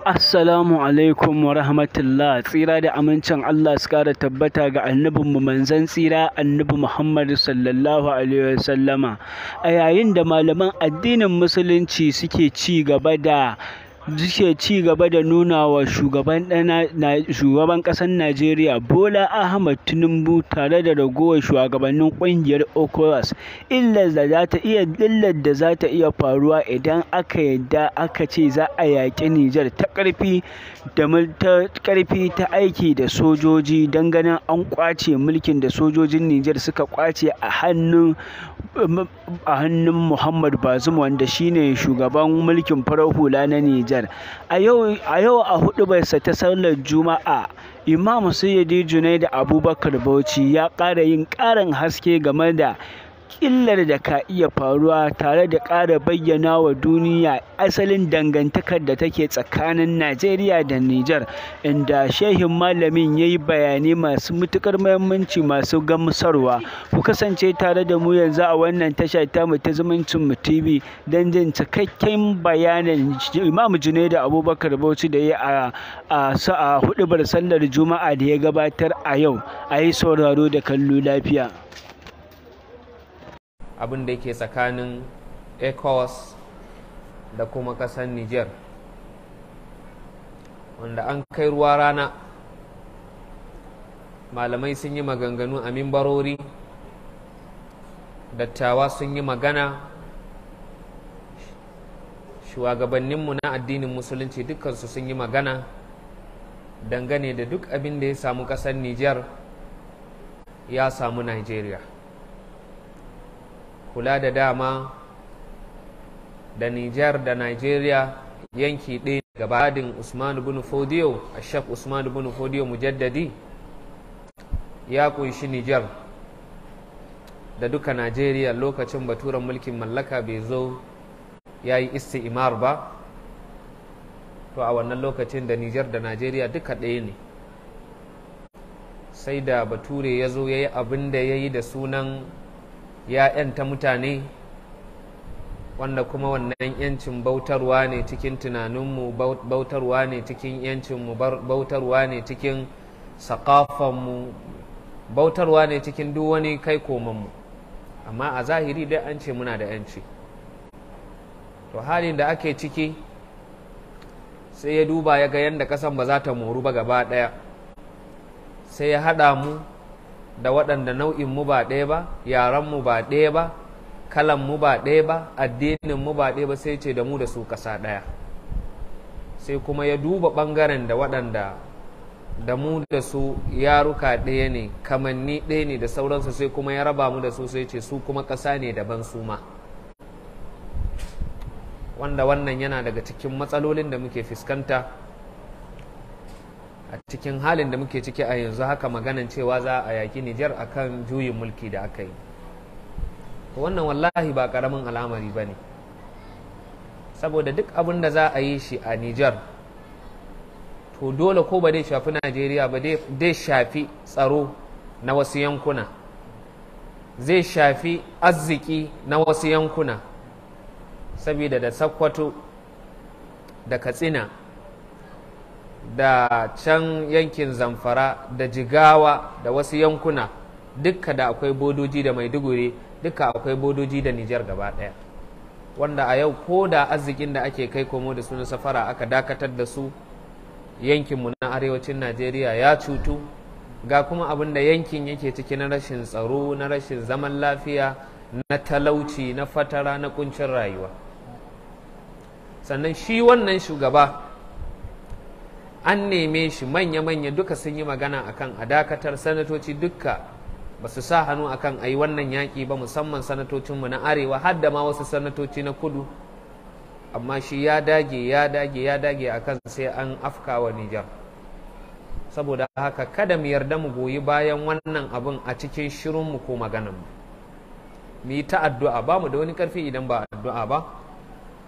Assalamu alaikum wa rahmatullah tsira da amincin Allah su kara tabbata ga annabin mu, manzan tsira annabi muhammad sallallahu alaihi sallama a yayin da malaman addinin musulunci suke ci gaba da suke ci gaba da nuna wa shugaban ƙasar Najeriya Bola Ahmad Tinubu tare da ragowar shugabannin ƙungiyar ECOWAS illar da za ta iya da za ta iya faruwa idan aka yadda aka ce za a yaƙi Nijar ta ƙarfi da ta ƙarfi ta aiki da sojoji don ganin an kwace mulkin da sojojin Nijar suka ƙwace a hannun a hannun Muhammad Bazum wanda shine shugaban mulkin farar hula na Nijar A yau a hudu bai ta sallar Juma'a, Imam Sayyidi Junaid Abubakar Bauchi ya ƙara yin ƙarin haske game da illar da ka iya faruwa tare da ƙara bayyana wa duniya asalin dangantakar da take tsakanin Najeriya da Nijar, inda shehin malamin ya yi bayanai masu matuƙar muhimmanci masu gamsarwa. Ku kasance tare da mu yanzu a wannan tasha mu ta zumuncin mu TV don jin cikakken bayanin Imam Junaidu Abubakar Bauchi da ya a a hudubar sallar Juma'a da ya gabatar a yau. A yi sauraro da kallo lafiya. abin da yake tsakanin ecos da kuma ƙasar niger wanda an kai ruwa rana malamai sun yi maganganu a mimbarori dattawa sun yi magana shugabanninmu na addinin musulunci dukkansu sun yi magana dangane da duk abin da ya samu ƙasar niger ya samu nigeria kula da dama da Nijar da Nigeria yanki ɗaya gabadin Usman bin Fodiyo a Shek Usman bin Fodiyo mujaddadi ya ƙunshi Nijar da duka Najeriya lokacin baturan mulkin mallaka bai zo ya yi isti'imar ba to a wannan lokacin da Nijar da Najeriya duka ɗaya ne sai da bature ya zo ya yi abin da ya yi da sunan ya ta mutane wanda kuma wannan ‘yancin bautarwa ne cikin tunaninmu bautarwa ne cikin ‘yancinmu bautarwa ne cikin sakafanmu bautarwa ne cikin duk wani kai komanmu amma a zahiri dai an ce muna da ‘yanci to halin da ake ciki sai ya duba ya ga yadda kasan ba za ta moru ba gaba daya sai ya haɗa mu da waɗanda nau'in mu ba ɗaya ba yaran mu ba ɗaya ba kalan mu ba ɗaya ba addinin mu ba ɗaya ba sai ce da mu da su ƙasa ɗaya sai kuma ya duba ɓangaren da waɗanda da mu da su yaruka ɗaya ne kamanni ɗaya ne da sauransu sai kuma ya raba mu da su sai ce su kuma ƙasa ne daban su ma wanda wannan yana daga cikin matsalolin da muke fuskanta a cikin halin da muke ciki a yanzu haka maganan cewa za a yaki Nijar akan juyin mulki da aka yi wannan wallahi ba karamin al'amari ba ne saboda duk abin da za a yi shi a Nijar to dole ko ba dai shafi Najeriya ba dai shafi tsaro na wasu yankuna zai shafi arziki na wasu yankuna saboda da Sakkwato da Katsina da can yankin zamfara da jigawa da wasu yankuna dukka da akwai bodoji da maiduguri dukka akwai bodoji da nijar gaba ɗaya wanda a yau ko da arzikin da ake kai komo da suna safara aka dakatar da su yankinmu na arewacin najeriya ya cutu ga kuma abin da yankin yake ciki na rashin tsaro na rashin zaman lafiya na talauci na fatara na kuncin rayuwa sannan shi wannan shugaba an neme shi manya-manya duka sun yi magana akan a dakatar sanatoci duka ba su sa hannu akan a yi wannan yaƙi ba musamman sanatocinmu na arewa har da ma wasu sanatoci na kudu amma shi ya dage ya dage ya dage akan sai an afka wa nijar saboda haka kada mu yarda mu goyi bayan wannan abin a cikin shirinmu ko magananmu mu yi ta addu'a ba mu da wani karfi idan ba addu'a ba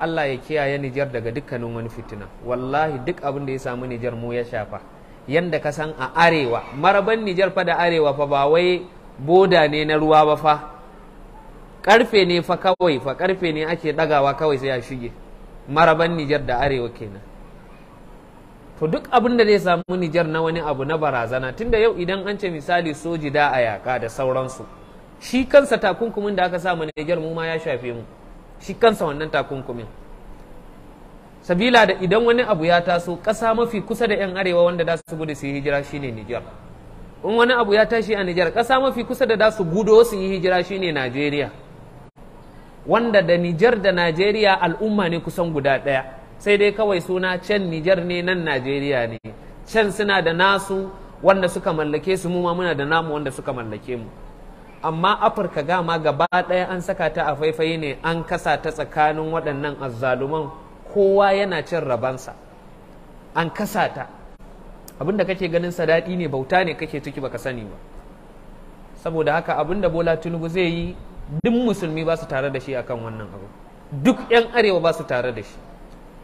Allah ya kiyaye Nijar daga dukkanin wani fitina wallahi duk abin da ya samu Nijar mu ya shafa yanda ka san a arewa maraban Nijar fa da arewa fa ba wai boda ne na ruwa ba fa karfe ne fa kawai fa karfe ne ake dagawa kawai sai ya shige maraban Nijar da arewa kenan to duk abin da zai samu Nijar na wani abu na barazana tunda yau idan an ce misali soji da a yaka da sauransu shi kansa takunkumin da aka samu Nijar mu ma ya shafe mu shi kansa wannan takunkumin sabila da idan wani abu ya taso ƙasa mafi kusa da 'yan arewa wanda za su gudu su yi hijira shine Nijar in wani abu ya tashi a Nijar ƙasa mafi kusa da za su gudu su yi hijira shine Najeriya wanda da Nijar da Najeriya al'umma ne kusan guda ɗaya sai dai kawai suna can Nijar ne nan Najeriya ne can suna da nasu wanda suka mallake su mu ma muna da namu wanda suka mallake mu amma afirka gama gaba ɗaya an saka ta a faifai ne an kasa ta tsakanin waɗannan azzaluman kowa yana cin rabansa an kasa ta abinda kake ganin sadaɗi ne bauta ne kake ciki baka sani ba saboda haka abinda bola tinubu zai yi duk musulmi ba su tare da shi akan wannan abu duk 'yan arewa ba su tare da shi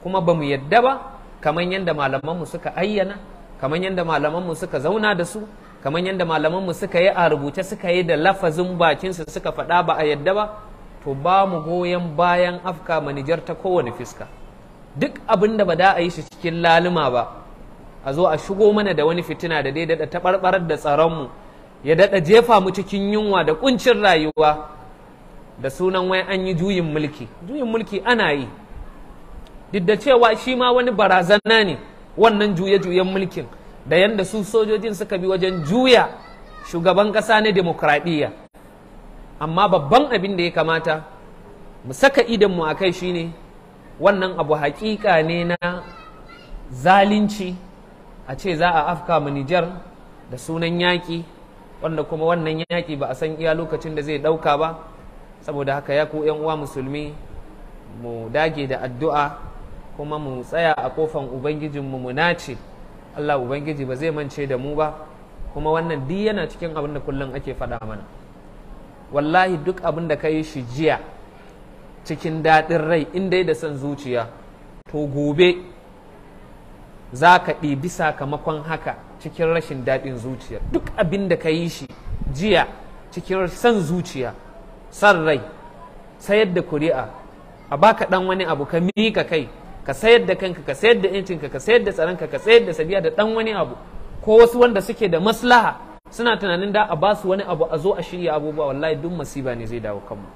kuma ba mu yadda ba kamar yadda malamanmu suka ayyana kamar yadda malamanmu suka zauna da su kamar yadda malamanmu suka yi a rubuce suka yi da lafazin bakinsu suka faɗa ba a yadda ba to ba mu goyon bayan afka manijar ta kowane fiska duk abin da ba da a yi shi cikin laluma ba a zo a shigo mana da wani fitina da dai daɗa taɓarɓarar da tsaronmu ya daɗa jefa mu cikin yunwa da kuncin rayuwa da sunan wai an yi juyin mulki juyin mulki ana yi duk da cewa shi ma wani barazana ne wannan juye-juyen mulkin da yadda su sojojin suka bi wajen juya shugaban ƙasa na demokradiyya amma babban abin da ya kamata mu saka idonmu a kai shine wannan abu haƙiƙa ne na zalunci a ce za a afka mu Nijar da sunan yaƙi wanda kuma wannan yaƙi ba a san iya lokacin da zai ɗauka ba saboda haka ya ku uwa musulmi mu dage da addu'a kuma mu tsaya a kofan ubangijinmu mu nace Allah ubangiji ba zai mance da mu ba kuma wannan duk yana cikin abin da kullum ake faɗa mana wallahi duk abin da ka yi shi jiya cikin daɗin rai in dai da son zuciya to gobe za ka ɗibi sakamakon haka cikin rashin daɗin zuciya duk abin da ka yi shi jiya cikin son zuciya son rai sayar da kuri'a a baka ɗan wani abu ka miƙa kai ka sayar da kanka ka sayar da yancinka ka sayar da tsaronka ka sayar da sabiya da dan wani abu ko wasu wanda suke da maslaha suna tunanin da a ba su wani abu a zo a shirya abubuwa wallahi duk masiba ne zai dawo kanmu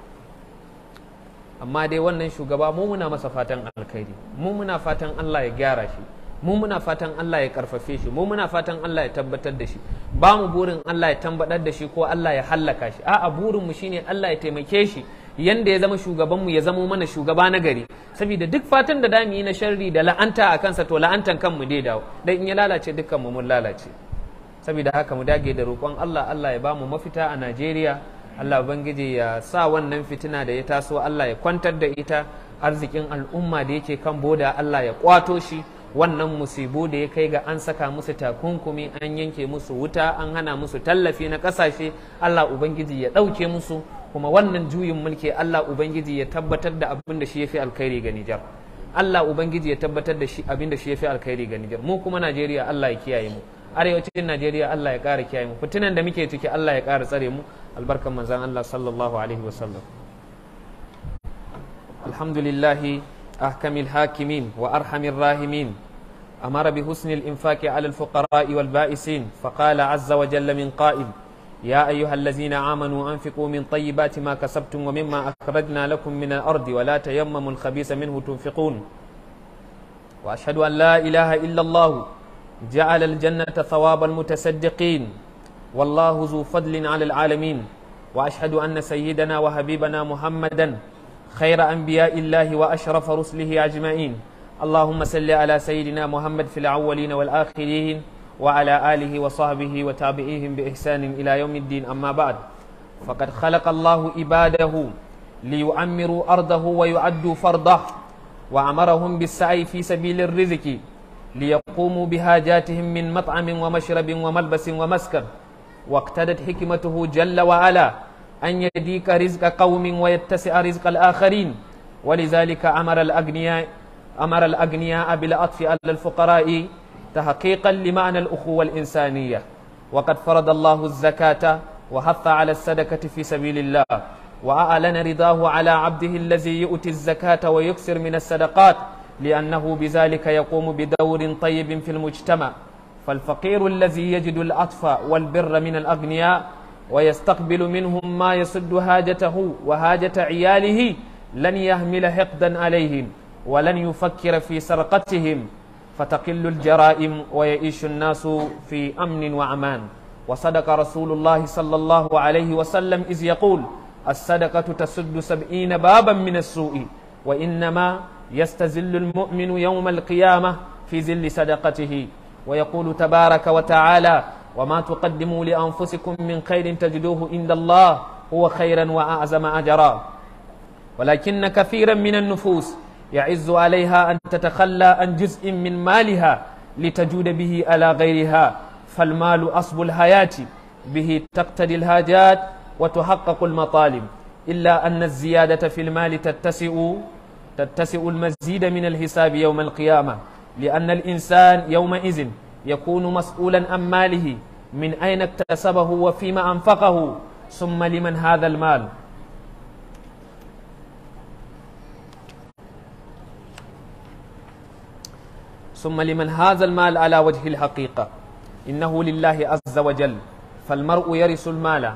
amma dai wannan shugaba mu muna masa fatan alkhairi mu muna fatan Allah ya gyara shi mu muna fatan Allah ya karfafe shi mu muna fatan Allah ya tabbatar da shi ba mu burin Allah ya tabbatar da shi ko Allah ya hallaka shi a'a burin mu shine Allah ya taimake shi yanda ya zama shugabanmu ya zamo mana shugaba na gari saboda duk fatan da dami na sharri da la'anta a kansa to la'antan kanmu dai dawo dan in ya lalace dukkan mu mun lalace saboda haka mu dage da roƙon Allah Allah ya bamu mafita a Najeriya Allah ubangiji ya sa wannan fitina da ya taso Allah ya kwantar da ita arzikin al'umma da yake kan boda Allah ya kwato shi wannan musibu da ya kai ga an saka musu takunkumi an yanke musu wuta an hana musu tallafi na ƙasashe Allah Ubangiji ya ɗauke musu kuma wannan juyin mulki Allah Ubangiji ya tabbatar da abin da shi ya fi alkhairi ga Nijar Allah Ubangiji ya tabbatar da abin da shi ya fi alkhairi ga Nijar mu kuma Najeriya Allah ya kiyaye mu arewacin Najeriya Allah ya ƙara kiyaye mu fitinan da muke ciki Allah ya ƙara tsare mu albarkan manzan Allah sallallahu alaihi wasallam alhamdulillahi أحكم الحاكمين وأرحم الراحمين أمر بحسن الإنفاق على الفقراء والبائسين فقال عز وجل من قائل يا أيها الذين آمنوا أنفقوا من طيبات ما كسبتم ومما أخرجنا لكم من الأرض ولا تيمموا الخبيث منه تنفقون وأشهد أن لا إله إلا الله جعل الجنة ثواب المتصدقين والله ذو فضل على العالمين وأشهد أن سيدنا وحبيبنا محمدا خير أنبياء الله وأشرف رسله أجمعين اللهم صل على سيدنا محمد في الأولين والآخرين وعلى آله وصحبه وتابعيهم بإحسان إلى يوم الدين أما بعد فقد خلق الله عباده ليعمروا أرضه ويعدوا فرضه وأمرهم بالسعي في سبيل الرزق ليقوموا بهاجاتهم من مطعم ومشرب وملبس ومسكن واقتدت حكمته جل وعلا أن يديك رزق قوم ويتسع رزق الآخرين ولذلك أمر الأغنياء أمر الأغنياء بالعطف على الفقراء تحقيقا لمعنى الأخوة الإنسانية وقد فرض الله الزكاة وحث على الصدقة في سبيل الله وأعلن رضاه على عبده الذي يؤتي الزكاة ويكثر من الصدقات لأنه بذلك يقوم بدور طيب في المجتمع فالفقير الذي يجد العطف والبر من الأغنياء ويستقبل منهم ما يسد حاجته وحاجة عياله لن يهمل حقدا عليهم ولن يفكر في سرقتهم فتقل الجرائم ويعيش الناس في أمن وأمان وصدق رسول الله صلى الله عليه وسلم إذ يقول الصدقة تسد سبعين بابا من السوء وإنما يستزل المؤمن يوم القيامة في زل صدقته ويقول تبارك وتعالى وما تقدموا لأنفسكم من خير تجدوه عند الله هو خيرا وأعظم أجرا ولكن كثيرا من النفوس يعز عليها أن تتخلى عن جزء من مالها لتجود به على غيرها فالمال أصب الحياة به تقتدي الهاجات وتحقق المطالب إلا أن الزيادة في المال تتسع تتسع المزيد من الحساب يوم القيامة لأن الإنسان يومئذ يكون مسؤولا عن ماله من أين اكتسبه وفيما أنفقه ثم لمن هذا المال ثم لمن هذا المال على وجه الحقيقة إنه لله عز وجل فالمرء يرث المال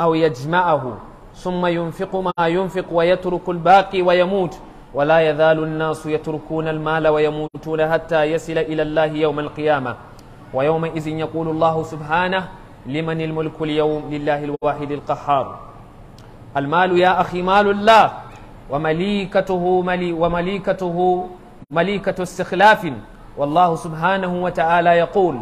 أو يجمعه ثم ينفق ما ينفق ويترك الباقي ويموت ولا يزال الناس يتركون المال ويموتون حتى يصل إلى الله يوم القيامة ويومئذ يقول الله سبحانه لمن الملك اليوم لله الواحد القهار المال يا أخي مال الله ومليكته ملي ومليكته مليكة استخلاف والله سبحانه وتعالى يقول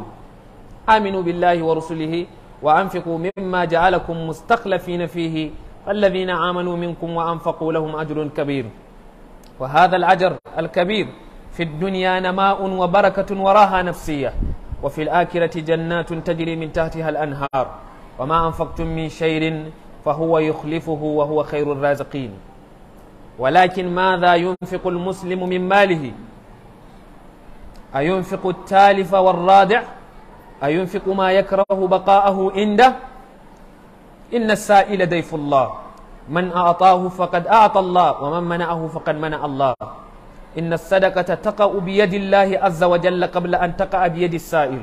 آمنوا بالله ورسله وأنفقوا مما جعلكم مستخلفين فيه فالذين آمنوا منكم وأنفقوا لهم أجر كبير وهذا العجر الكبير في الدنيا نماء وبركة وراها نفسية وفي الآخرة جنات تجري من تحتها الأنهار وما أنفقتم من شيء فهو يخلفه وهو خير الرازقين ولكن ماذا ينفق المسلم من ماله أينفق التالف والرادع أينفق ما يكره بقاءه عنده إن السائل ديف الله من أعطاه فقد أعطى الله ومن منعه فقد منع الله إن الصدقة تقع بيد الله عز وجل قبل أن تقع بيد السائل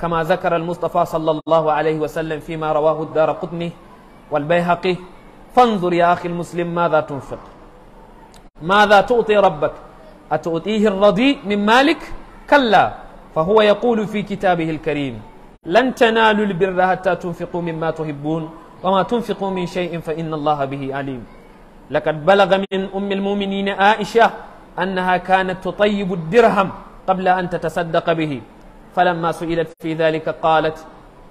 كما ذكر المصطفى صلى الله عليه وسلم فيما رواه الدار قطنه والبيهقي فانظر يا أخي المسلم ماذا تنفق ماذا تعطي ربك أتؤتيه الرضي من مالك كلا فهو يقول في كتابه الكريم لن تنالوا البر حتى تنفقوا مما تحبون وما تنفقوا من شيء فإن الله به عليم لقد بلغ من أم المؤمنين عائشة أنها كانت تطيب الدرهم قبل أن تتصدق به فلما سئلت في ذلك قالت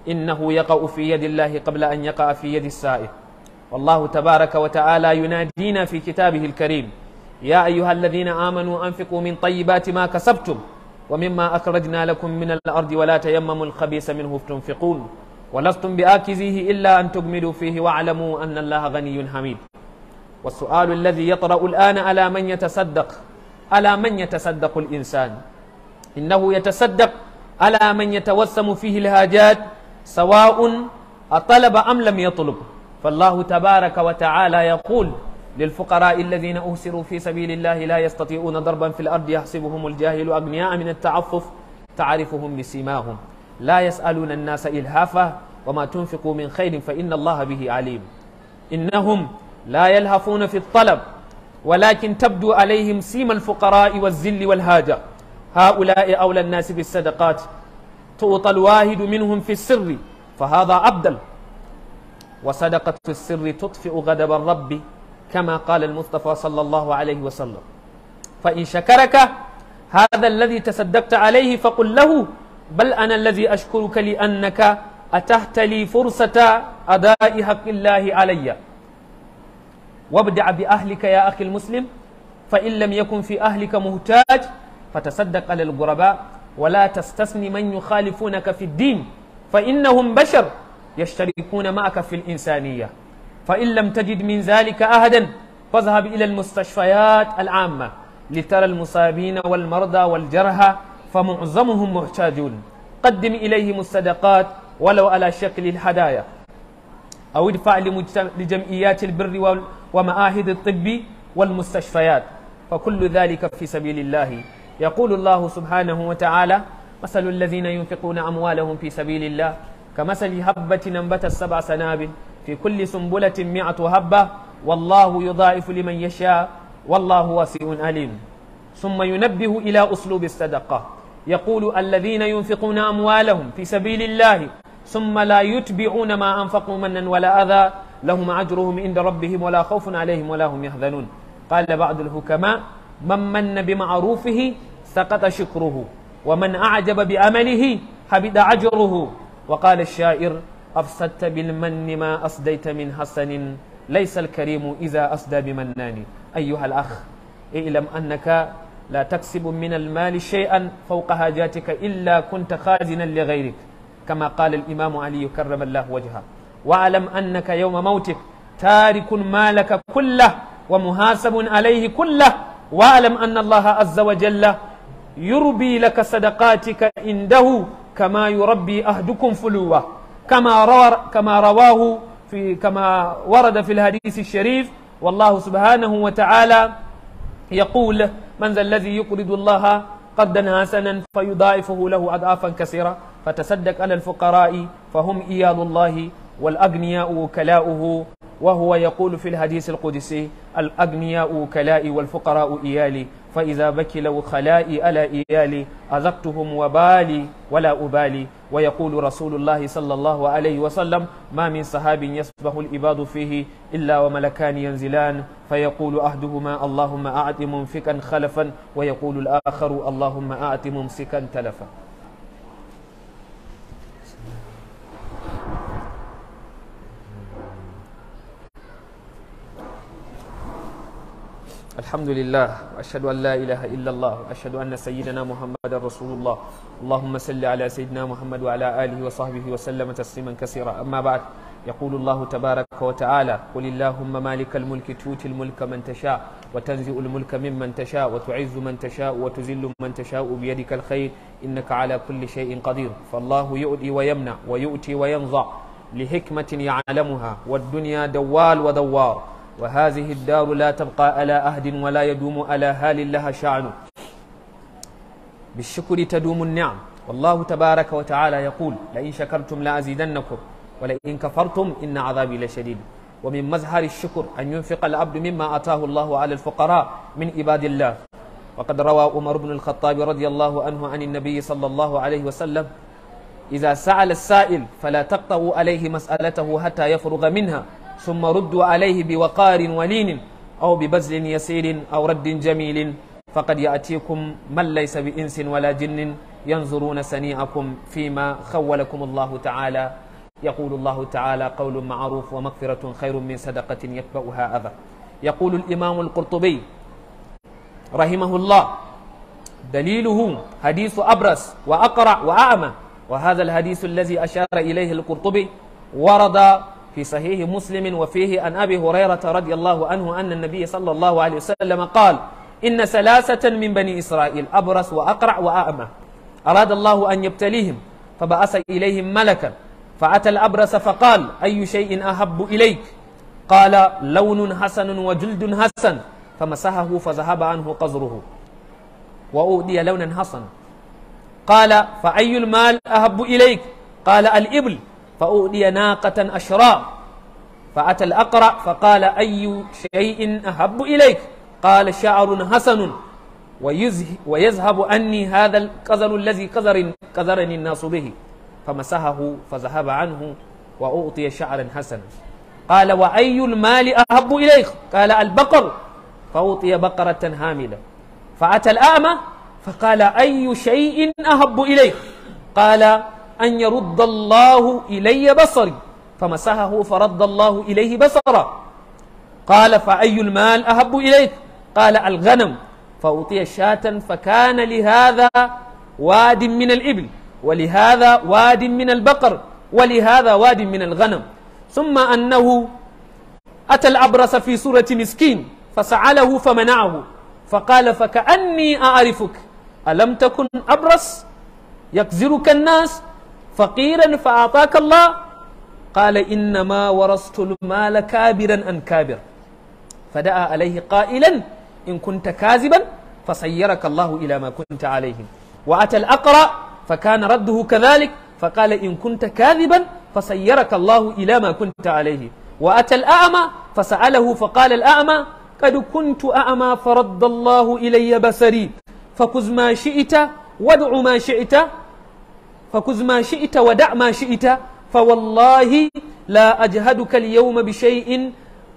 إنه يقع في يد الله قبل أن يقع في يد السائل والله تبارك وتعالى ينادينا في كتابه الكريم يا أيها الذين آمنوا أنفقوا من طيبات ما كسبتم ومما أخرجنا لكم من الأرض ولا تيمموا الخبيث منه تنفقون ولستم بآكزيه إلا أن تجمدوا فيه واعلموا أن الله غني حميد والسؤال الذي يطرأ الآن على من يتصدق على من يتصدق الإنسان إنه يتصدق على من يتوسم فيه الهاجات سواء أطلب أم لم يطلب فالله تبارك وتعالى يقول للفقراء الذين أهسروا في سبيل الله لا يستطيعون ضربا في الأرض يحسبهم الجاهل أغنياء من التعفف تعرفهم بسيماهم لا يسألون الناس إلهافا وما تنفقوا من خير فإن الله به عليم إنهم لا يلهفون في الطلب ولكن تبدو عليهم سيم الفقراء والذل والهاجة هؤلاء أولى الناس بالصدقات تؤطى الواهد منهم في السر فهذا أبدل وصدقة في السر تطفئ غضب الرب كما قال المصطفى صلى الله عليه وسلم فإن شكرك هذا الذي تصدقت عليه فقل له بل أنا الذي أشكرك لأنك أتحت لي فرصة أداء حق الله علي وابدع بأهلك يا أخي المسلم فإن لم يكن في أهلك مهتاج فتصدق على الغرباء ولا تستثني من يخالفونك في الدين فإنهم بشر يشتركون معك في الإنسانية فإن لم تجد من ذلك أحدا فاذهب إلى المستشفيات العامة لترى المصابين والمرضى والجرحى فمعظمهم محتاجون قدم إليهم الصدقات ولو على شكل الهدايا أو ادفع لجمعيات البر ومعاهد الطب والمستشفيات فكل ذلك في سبيل الله يقول الله سبحانه وتعالى مثل الذين ينفقون أموالهم في سبيل الله كمثل هبة نبت السبع سنابل في كل سنبلة مئة هبة والله يضاعف لمن يشاء والله واسع عليم ثم ينبه إلى أسلوب الصدقة يقول الذين ينفقون أموالهم في سبيل الله ثم لا يتبعون ما أنفقوا منا ولا أذى لهم أجرهم عند ربهم ولا خوف عليهم ولا هم يحزنون قال بعض الحكماء من من بمعروفه سقط شكره ومن أعجب بأمله حبد أجره وقال الشاعر أفسدت بالمن ما أصديت من حسن ليس الكريم إذا أصدى بمنان أيها الأخ اعلم أنك لا تكسب من المال شيئا فوق حاجاتك إلا كنت خازنا لغيرك كما قال الإمام علي كرم الله وجهه واعلم أنك يوم موتك تارك مالك كله ومحاسب عليه كله واعلم أن الله عز وجل يربي لك صدقاتك عنده كما يربي أهدكم فلوة كما, روى كما رواه في كما ورد في الحديث الشريف والله سبحانه وتعالى يقول من ذا الذي يقرض الله قرضا حسنا فيضاعفه له أضعافا كثيرة فتصدق على الفقراء فهم إيال الله والأغنياء وكلاؤه وهو يقول في الحديث القدسي الأغنياء وكلائي والفقراء إيالي فإذا بكلوا خلائي على إيالي أذقتهم وبالي ولا أبالي ويقول رسول الله صلى الله عليه وسلم ما من صحاب يصبح الإباد فيه إلا وملكان ينزلان فيقول أحدهما اللهم أعط منفكا خلفا ويقول الآخر اللهم أعط ممسكا تلفا الحمد لله أشهد أن لا إله إلا الله أشهد أن سيدنا محمد رسول الله اللهم صل على سيدنا محمد وعلى آله وصحبه وسلم تسليما كثيرا أما بعد يقول الله تبارك وتعالى قل اللهم مالك الملك توتي الملك من تشاء وتنزع الملك ممن تشاء وتعز من تشاء وتزل من تشاء بيدك الخير إنك على كل شيء قدير فالله يؤدي ويمنع ويؤتي وينظع لحكمة يعلمها والدنيا دوال ودوار وهذه الدار لا تبقى على أهد ولا يدوم على هال لها شعن بالشكر تدوم النعم والله تبارك وتعالى يقول لئن شكرتم لأزيدنكم ولئن كفرتم إن عذابي لشديد ومن مظهر الشكر أن ينفق العبد مما أتاه الله على الفقراء من عباد الله وقد روى عمر بن الخطاب رضي الله عنه عن النبي صلى الله عليه وسلم إذا سأل السائل فلا تقطعوا عليه مسألته حتى يفرغ منها ثم ردوا عليه بوقار ولين أو ببذل يسير أو رد جميل فقد يأتيكم من ليس بإنس ولا جن ينظرون سنيئكم فيما خولكم الله تعالى يقول الله تعالى قول معروف ومغفرة خير من صدقة يتبعها أذى يقول الإمام القرطبي رحمه الله دليله حديث أبرس وأقرع وأعمى وهذا الحديث الذي أشار إليه القرطبي ورد في صحيح مسلم وفيه عن أبي هريرة رضي الله عنه أن النبي صلى الله عليه وسلم قال إن ثلاثة من بني إسرائيل أبرس وأقرع وأعمى أراد الله أن يبتليهم فبأس إليهم ملكا فأتى الأبرس فقال أي شيء أحب إليك قال لون حسن وجلد حسن فمسحه فذهب عنه قزره وأودي لونا حسنا قال فأي المال أحب إليك قال الإبل فأؤدي ناقة أشراء فأتى الأقرع فقال أي شيء أحب إليك قال شعر حسن ويذهب أني هذا القذر الذي قذرني الناس به فمسحه فذهب عنه وأعطي شعرا حسنا قال وأي المال أحب إليك قال البقر فأعطي بقرة هاملة فأتى الأعمى فقال أي شيء أحب إليك قال أن يرد الله إلي بصري فمسحه فرد الله إليه بصرا قال فأي المال أهب إليك قال الغنم فأعطي شاة فكان لهذا واد من الإبل ولهذا واد من البقر ولهذا واد من الغنم ثم أنه أتى الأبرص في سورة مسكين فسعله فمنعه فقال فكأني أعرفك ألم تكن أبرص يقذرك الناس فقيرا فأعطاك الله قال إنما ورثت المال كابرا أن كابر فدعا عليه قائلا إن كنت كاذبا فسيرك الله إلى ما كنت عليه وأتى الأقرأ فكان رده كذلك فقال إن كنت كاذبا فسيرك الله إلى ما كنت عليه وأتى الأعمى فسأله فقال الأعمى قد كنت أعمى فرد الله إلي بصري فخذ ما شئت وادع ما شئت فكز ما شئت ودع ما شئت فوالله لا أجهدك اليوم بشيء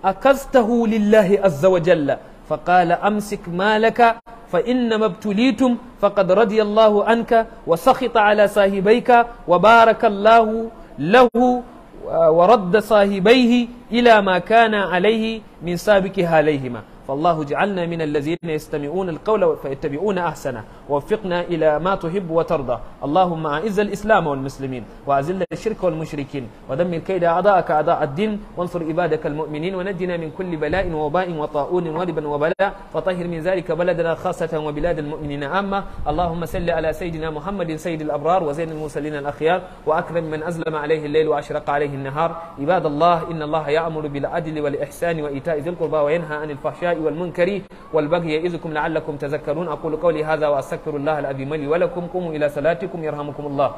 أكزته لله عز وجل فقال أمسك مالك فإنما ابتليتم فقد رضي الله عنك وسخط على صاحبيك وبارك الله له ورد صاحبيه إلى ما كان عليه من سابقها عليهما فالله جعلنا من الذين يستمعون القول فيتبعون أحسنه ووفقنا إلى ما تحب وترضى اللهم أعز الإسلام والمسلمين وأذل الشرك والمشركين ودمر كيد أعداءك أعداء الدين وانصر عبادك المؤمنين ونجنا من كل بلاء وباء وطاعون وربا وبلاء وطهر من ذلك بلدنا خاصة وبلاد المؤمنين عامة اللهم سل على سيدنا محمد سيد الأبرار وزين المرسلين الأخيار وأكرم من أزلم عليه الليل وأشرق عليه النهار عباد الله إن الله يأمر بالعدل والإحسان وإيتاء ذي القربى وينهى عن الفحشاء بالبغي والمنكر والبغي يعظكم لعلكم تذكرون أقول قولي هذا وأستغفر الله العظيم لي ولكم قوموا إلى صلاتكم يرحمكم الله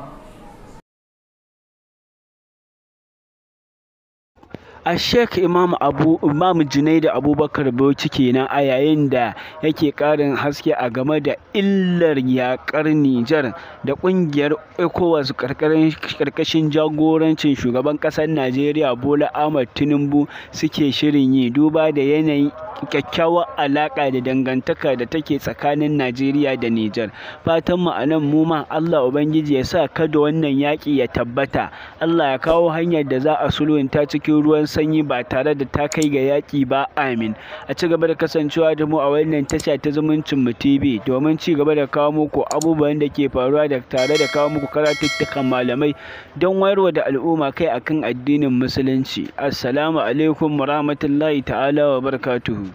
A Sheikh Imam, Abu, Imam Junaid Abubakar Bauchi kenan a yayin da yake ƙarin haske a game da illar yaƙar Nijar da ƙungiyar ECOWAS ƙarkashin jagorancin shugaban ƙasar Najeriya Bola Ahmad Tinubu suke shirin yi duba da yanayin kyakkyawar alaƙa da dangantaka da take tsakanin Najeriya da Nijar. Fatan mu a mu ma Allah Ubangiji ya sa kada wannan yaƙi ya tabbata. Allah ya kawo hanyar da za a sulhunta cikin ruwan sanyi ba tare da ta kai ga yaƙi ba amin a ci gaba da kasancewa da mu a wannan tasha ta zumuncin mu tv domin ci gaba da kawo muku abubuwan da ke faruwa da tare da kawo muku karatuttukan malamai don wayarwa da al'umma kai akan addinin musulunci assalamu alaikum warahmatullahi ta'ala wa barakatuhu